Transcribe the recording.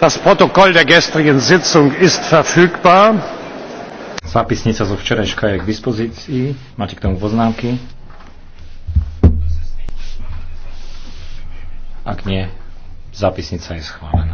Das Protokoll der gestrigen Sitzung ist verfügbar. Zápisnica zo včerajška je k dispozícii. Máte k tomu poznámky? Ak nie, zápisnica je schválená.